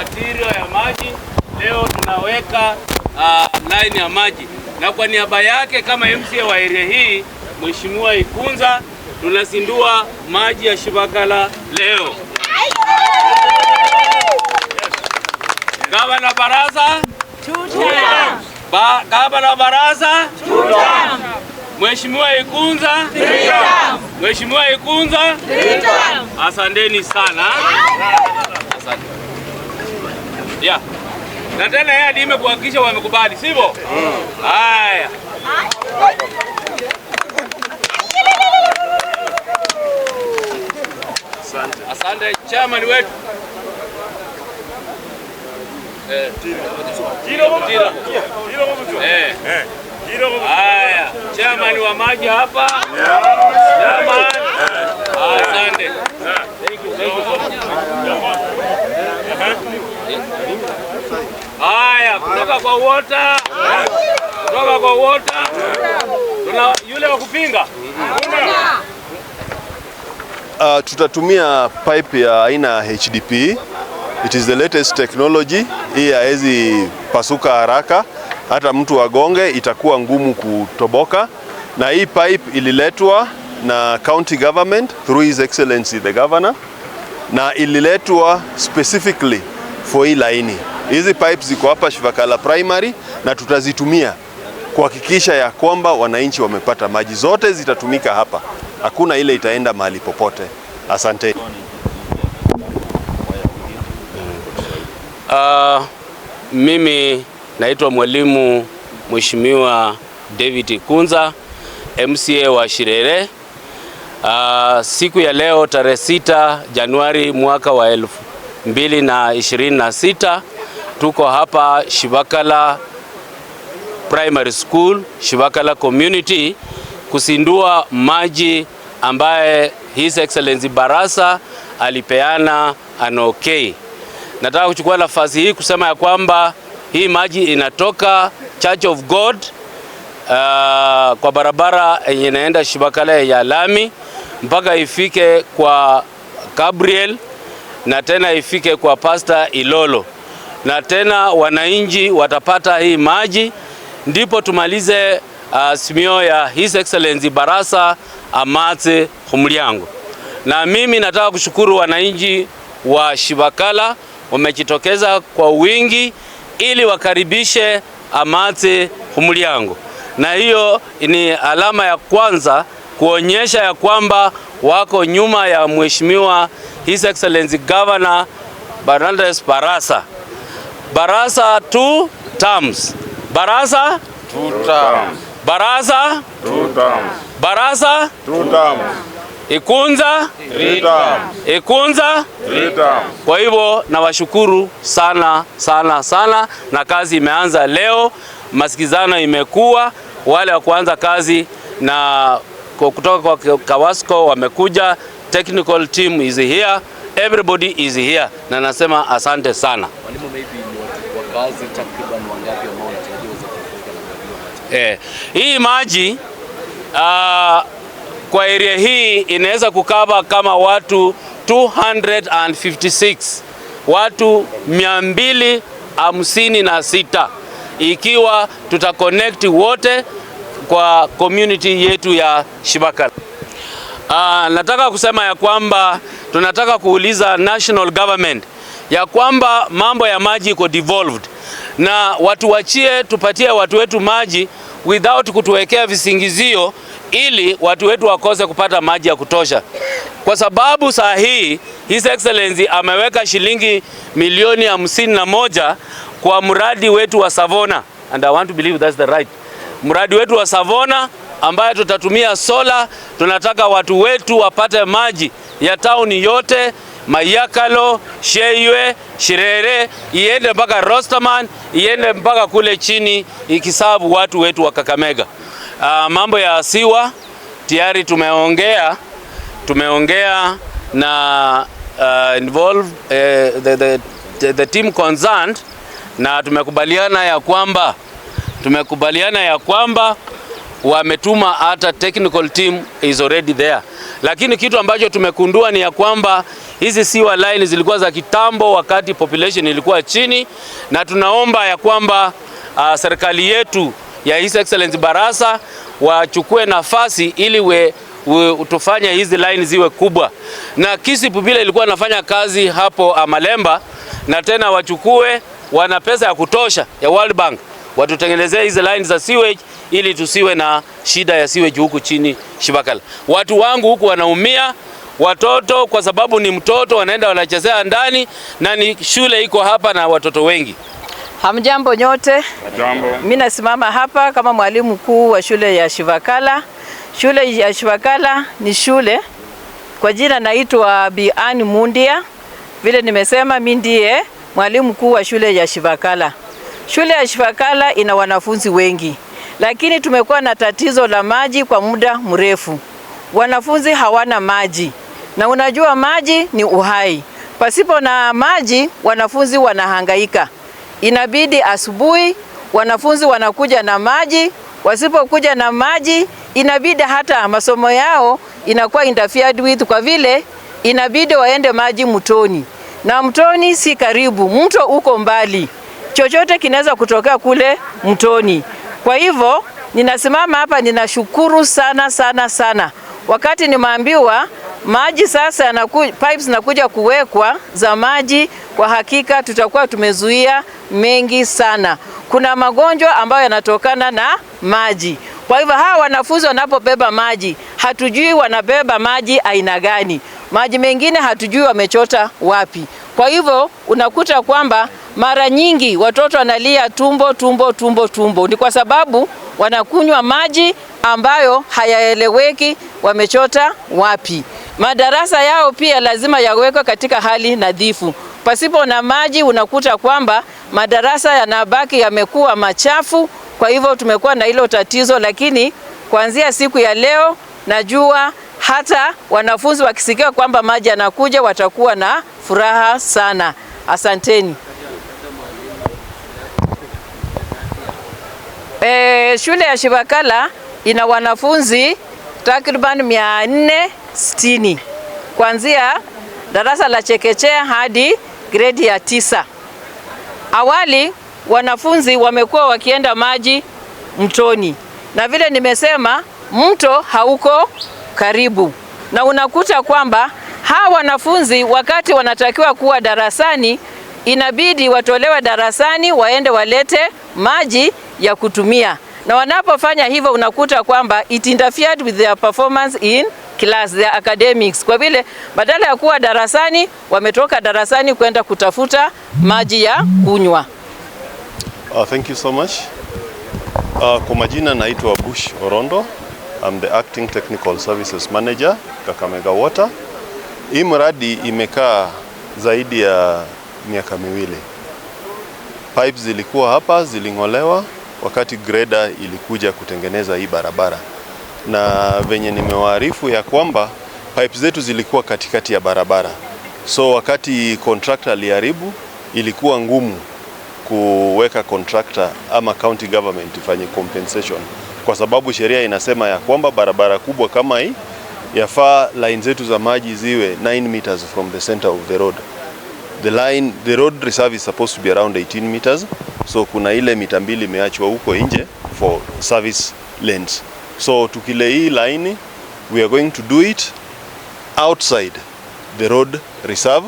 material ya maji. Leo tunaweka uh, line ya maji, na kwa niaba yake kama MCA wa area hii Mheshimiwa Ikunza tunazindua maji ya Shibakala leo. Gavana Baraza ba, Gavana Baraza Mheshimiwa Ikunza Mheshimiwa Ikunza asanteni sana moja na tena yeye adime kuhakikisha wamekubali, sivyo? Haya, asante chamani wetu eh. eh. chamani wa maji hapa. kwa wota, kutoka kwa wota. Tuna yule wa kupinga uh, tutatumia pipe ya aina ya HDP. It is the latest technology. Hii haiwezi pasuka haraka, hata mtu agonge itakuwa ngumu kutoboka, na hii pipe ililetwa na county government through his excellency the governor, na ililetwa specifically for hii laini. Hizi pipes ziko hapa Shivakala Primary na tutazitumia kuhakikisha ya kwamba wananchi wamepata maji. Zote zitatumika hapa, hakuna ile itaenda mahali popote. Asante. Uh, mimi naitwa mwalimu Mheshimiwa David Kunza MCA wa Shirere. Uh, siku ya leo tarehe 6 Januari mwaka wa elfu mbili na ishirini na sita Tuko hapa Shibakala Primary School, Shibakala Community kusindua maji ambaye His Excellency Barasa alipeana okay. Nataka kuchukua nafasi hii kusema ya kwamba hii maji inatoka Church of God uh, kwa barabara yenye inaenda Shibakala ya lami mpaka ifike kwa Gabriel na tena ifike kwa Pastor Ilolo na tena wananchi watapata hii maji, ndipo tumalize uh, simio ya His Excellency Barasa Amatse Khumulyango. Na mimi nataka kushukuru wananchi wa Shibakala wamejitokeza kwa wingi ili wakaribishe Amatse Khumulyango, na hiyo ni alama ya kwanza kuonyesha ya kwamba wako nyuma ya Mheshimiwa His Excellency Governor Bernardes Barasa. Barasa two terms. Barasa two terms. Barasa two terms. Barasa two terms. Ikunza three terms. Ikunza three terms. Kwa hivyo nawashukuru sana sana sana, na kazi imeanza leo, masikizano imekuwa, wale wa kuanza kazi na kutoka kwa Kawasco wamekuja, technical team is here, everybody is here, na nasema asante sana wakazi takriban wangapi ambao wanatarajiwa kufika? na mradi Eh, hii maji uh, kwa area hii inaweza kukava kama watu 256 watu 256 ikiwa tutaconnect wote kwa community yetu ya Shibakala. Uh, nataka kusema ya kwamba tunataka kuuliza national government ya kwamba mambo ya maji iko devolved na wachie, tupatie watu wetu maji without kutuwekea visingizio ili watu wetu wakose kupata maji ya kutosha, kwa sababu saa hii His Excellency ameweka shilingi milioni hamsini na moja kwa mradi wetu wa Savona, and I want to believe that's the right mradi wetu wa Savona ambayo tutatumia sola. Tunataka watu wetu wapate maji ya tauni yote. Mayakalo, Sheywe, Shirere iende mpaka Rostaman iende mpaka kule chini ikisabu watu wetu wa Kakamega. Uh, mambo ya siwa tayari tumeongea, tumeongea na uh, ah, involve, uh, eh, the, the, the, the team concerned na tumekubaliana ya kwamba tumekubaliana ya kwamba wametuma hata technical team is already there, lakini kitu ambacho tumekundua ni ya kwamba hizi siwa line zilikuwa za kitambo, wakati population ilikuwa chini, na tunaomba ya kwamba uh, serikali yetu ya His Excellency Barasa wachukue nafasi ili we, we, tufanye hizi line ziwe kubwa, na kisi bila ilikuwa nafanya kazi hapo amalemba na tena wachukue, wana pesa ya kutosha ya World Bank watutengenezee hizi line za sewage ili tusiwe na shida ya sewage huku chini Shibakala. Watu wangu huku wanaumia, watoto kwa sababu ni mtoto wanaenda wanachezea ndani, na ni shule iko hapa na watoto wengi. Hamjambo nyote. Hamjambo. Mimi nasimama hapa kama mwalimu mkuu wa shule ya Shivakala. Shule ya Shivakala ni shule kwa jina naitwa Bi Ann Mundia. Vile nimesema mimi ndiye mwalimu mkuu wa shule ya Shivakala. Shule ya Shifakala ina wanafunzi wengi, lakini tumekuwa na tatizo la maji kwa muda mrefu. Wanafunzi hawana maji, na unajua maji ni uhai. Pasipo na maji, wanafunzi wanahangaika. Inabidi asubuhi wanafunzi wanakuja na maji, wasipokuja na maji inabidi hata masomo yao inakuwa interfered with, kwa vile inabidi waende maji mtoni, na mtoni si karibu, mto uko mbali chochote kinaweza kutokea kule mtoni. Kwa hivyo ninasimama hapa, ninashukuru sana sana sana. Wakati nimeambiwa maji sasa yanakuja, pipes zinakuja kuwekwa za maji, kwa hakika tutakuwa tumezuia mengi sana. Kuna magonjwa ambayo yanatokana na maji. Kwa hivyo hawa wanafunzi wanapobeba maji, hatujui wanabeba maji aina gani, maji mengine hatujui wamechota wapi. Kwa hivyo unakuta kwamba mara nyingi watoto wanalia tumbo tumbo tumbo tumbo, ni kwa sababu wanakunywa maji ambayo hayaeleweki wamechota wapi. Madarasa yao pia lazima yawekwe katika hali nadhifu. Pasipo na maji, unakuta kwamba madarasa yanabaki yamekuwa machafu. Kwa hivyo tumekuwa na hilo tatizo, lakini kuanzia siku ya leo najua hata wanafunzi wakisikia kwamba maji yanakuja watakuwa na furaha sana. Asanteni. Eh, shule ya shivakala ina wanafunzi takriban mia nne sitini kuanzia darasa la chekechea hadi gredi ya tisa. Awali wanafunzi wamekuwa wakienda maji mtoni, na vile nimesema mto hauko karibu, na unakuta kwamba hawa wanafunzi wakati wanatakiwa kuwa darasani inabidi watolewe darasani waende walete maji ya kutumia na wanapofanya hivyo unakuta kwamba it interfered with their performance in class, their academics, kwa vile badala ya kuwa darasani wametoka darasani kwenda kutafuta maji ya kunywa. Uh, thank you so much. Uh, kwa majina naitwa Bush Orondo. I'm the acting technical services manager Kakamega Water. Hii mradi imekaa zaidi ya miaka miwili. Pipes zilikuwa hapa ziling'olewa wakati greda ilikuja kutengeneza hii barabara, na venye nimewaarifu ya kwamba pipe zetu zilikuwa katikati ya barabara, so wakati contractor aliharibu, ilikuwa ngumu kuweka contractor ama county government ifanye compensation, kwa sababu sheria inasema ya kwamba barabara kubwa kama hii yafaa line zetu za maji ziwe 9 meters from the center of the road. The line, the road reserve is supposed to be around 18 meters. So kuna ile mita mbili imeachwa huko nje for service lanes. So tukile hii line we are going to do it outside the road reserve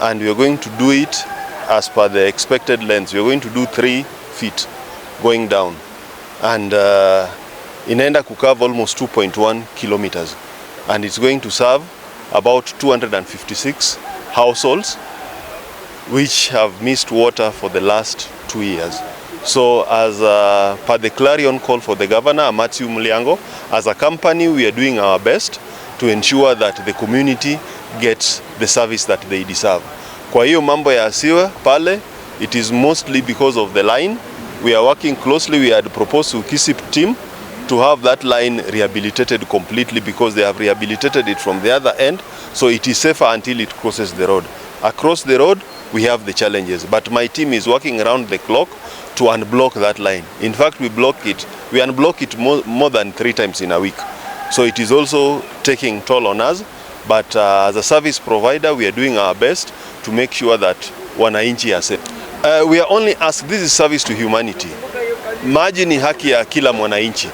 and we are going to do it as per the expected length. We are going to do 3 feet going down and uh, inaenda kucover almost 2.1 kilometers and it's going to serve about 256 households which have missed water for the last two years. So as a uh, per the clarion call for the governor, Matthew Muliango, as a company we are doing our best to ensure that the community gets the service that they deserve. Kwa hiyo mambo ya siwe pale, it is mostly because of the line. We are working closely. We had proposed to KISIP team to have that line rehabilitated completely because they have rehabilitated it from the other end, so it is safer until it crosses the road across the road we have the challenges but my team is working around the clock to unblock that line in fact we block it we unblock it more, more than three times in a week so it is also taking toll on us but uh, as a service provider we are doing our best to make sure that wananchi are safe uh, we are only asked this is service to humanity maji ni haki ya kila mwananchi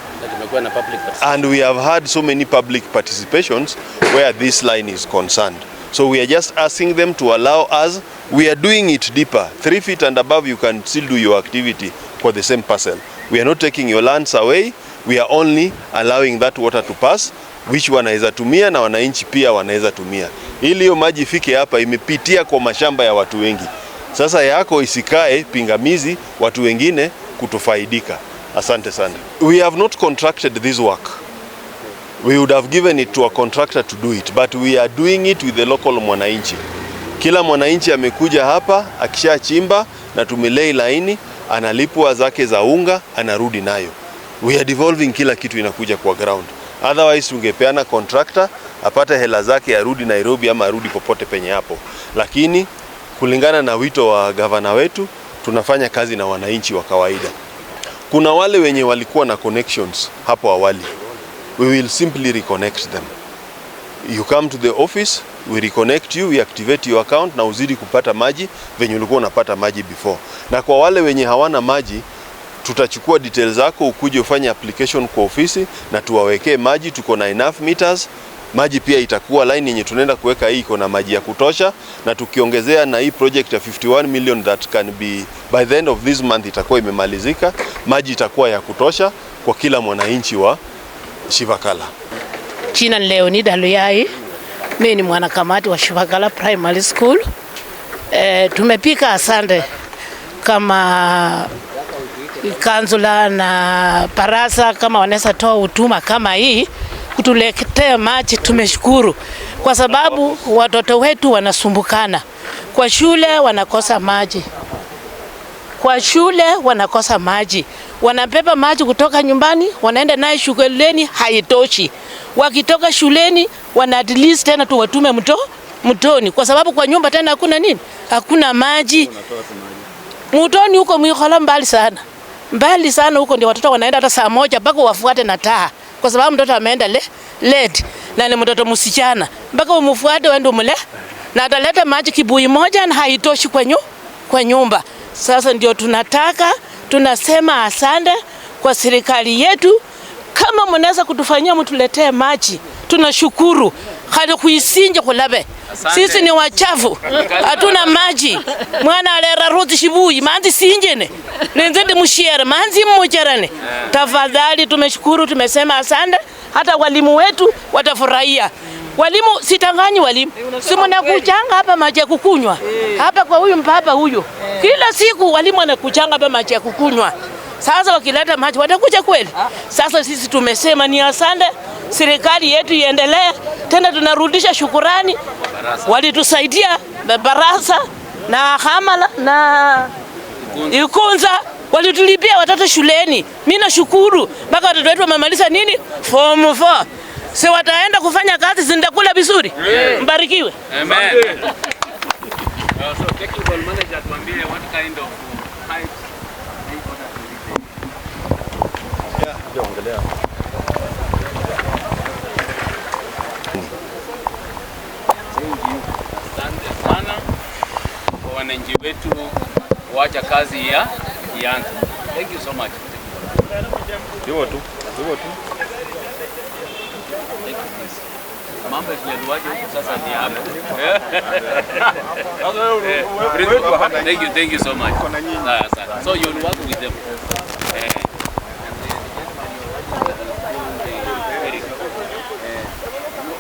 and we have had so many public participations where this line is concerned So we are just asking them to allow us. We are doing it deeper. Three feet and above, you can still do your activity for the same parcel. We are not taking your lands away. We are only allowing that water to pass, which wanaweza tumia na wananchi pia wanaweza tumia, ili hiyo maji ifike hapa. Imepitia kwa mashamba ya watu wengi, sasa yako isikae pingamizi watu wengine kutofaidika. Asante sana. We have not contracted this work we would have given it to a contractor to do it but we are doing it with the local mwananchi. Kila mwananchi amekuja hapa akishachimba na tumelei laini, analipwa zake za unga, anarudi nayo. We are devolving, kila kitu inakuja kwa ground. Otherwise ungepeana contractor apate hela zake arudi Nairobi ama arudi popote penye hapo, lakini kulingana na wito wa gavana wetu tunafanya kazi na wananchi wa kawaida. Kuna wale wenye walikuwa na connections hapo awali we will simply reconnect them. You come to the office, we reconnect you, we activate your account na uzidi kupata maji venye ulikuwa unapata maji before. Na kwa wale wenye hawana maji tutachukua details zako ukuje ufanye application kwa ofisi na tuwawekee maji. Tuko na enough meters maji pia itakuwa line yenye tunaenda kuweka hii iko na maji ya kutosha, na tukiongezea na hii project ya 51 million that can be by the end of this month itakuwa imemalizika, maji itakuwa ya kutosha kwa kila mwananchi wa Shivakala. Jina ni Leonida Luyai. Mimi ni mwanakamati wa Shivakala Primary School. E, tumepika asante kama kanzula na parasa kama wanaweza toa hutuma kama hii kutuletea maji, tumeshukuru kwa sababu watoto wetu wanasumbukana kwa shule, wanakosa maji kwa shule, wanakosa maji wanabeba maji kutoka nyumbani wanaenda naye shuleni, haitoshi. Wakitoka shuleni wana at least tena tuwatume mto mtoni, kwa sababu kwa nyumba tena hakuna nini, hakuna maji mtoni. Huko Mwikhola mbali sana, mbali sana huko, ndio watoto wanaenda hata saa moja mpaka wafuate na taa, kwa sababu mtoto ameenda le, late na ni mtoto msichana, mpaka umfuate waende umle na ataleta maji kibui moja na haitoshi kwa, kwa nyumba. Sasa ndio tunataka tunasema asante kwa serikali yetu. Kama mnaweza kutufanyia mtuletee maji, tunashukuru. Hadi kuisinja kulabe sisi ni wachafu, hatuna maji mwana alera roti shibuyi manzi sinjene nenzedi mushiere manzi mmocherane. Eh. Tafadhali, tumeshukuru, tumesema asante. Hata walimu wetu watafurahia. Walimu sitanganyi walimu. Eh, si mnakuchanga hapa maji ya kukunywa. Eh. Hapa kwa huyu mpapa huyo. Eh. Kila siku walimu wanakuchanga hapa maji ya kukunywa. Sasa wakileta maji watakuja kweli? Ah. Sasa sisi tumesema ni asante, serikali yetu iendelee. Tena tunarudisha shukurani, walitusaidia barasa na hamala na Ikunza walitulipia watoto shuleni. Mimi nashukuru mpaka watoto wetu wamemaliza nini form 4 si wataenda kufanya kazi zindakula vizuri yeah. Mbarikiwe Amen. to Asante sana kwa wananchi wetu kuacha kazi ya ianze. Thank you so much. Hivyo tu. Hivyo tu. Mambo yaliwaje huko sasa ni hapa. Really good hapa. Thank you, thank you so much. Kuna nyinyi. Asante. So you work with them. Eh.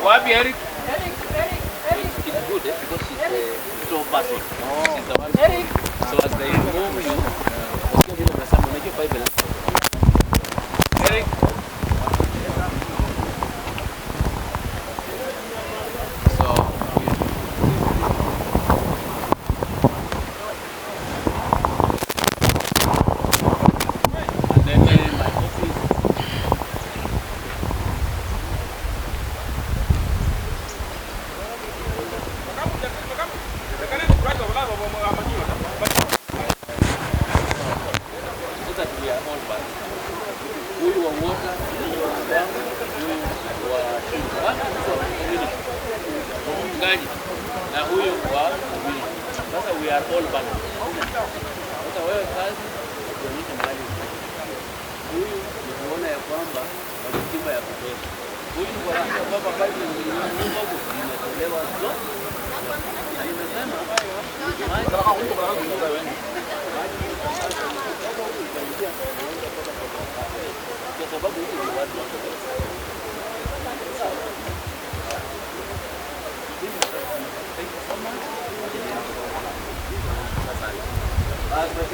Wapi Eric? Eric, Eric, Eric. It's good eh? because she's a little person. Eric. So as they move you, wakiwa vile of unajua Bible namba na ratiba ya kubeba. Huyu ni kuonyesha kwamba basi huko inatolewa zote, na imesema kwa sababu huko ni watu wa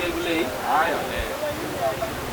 Thank you.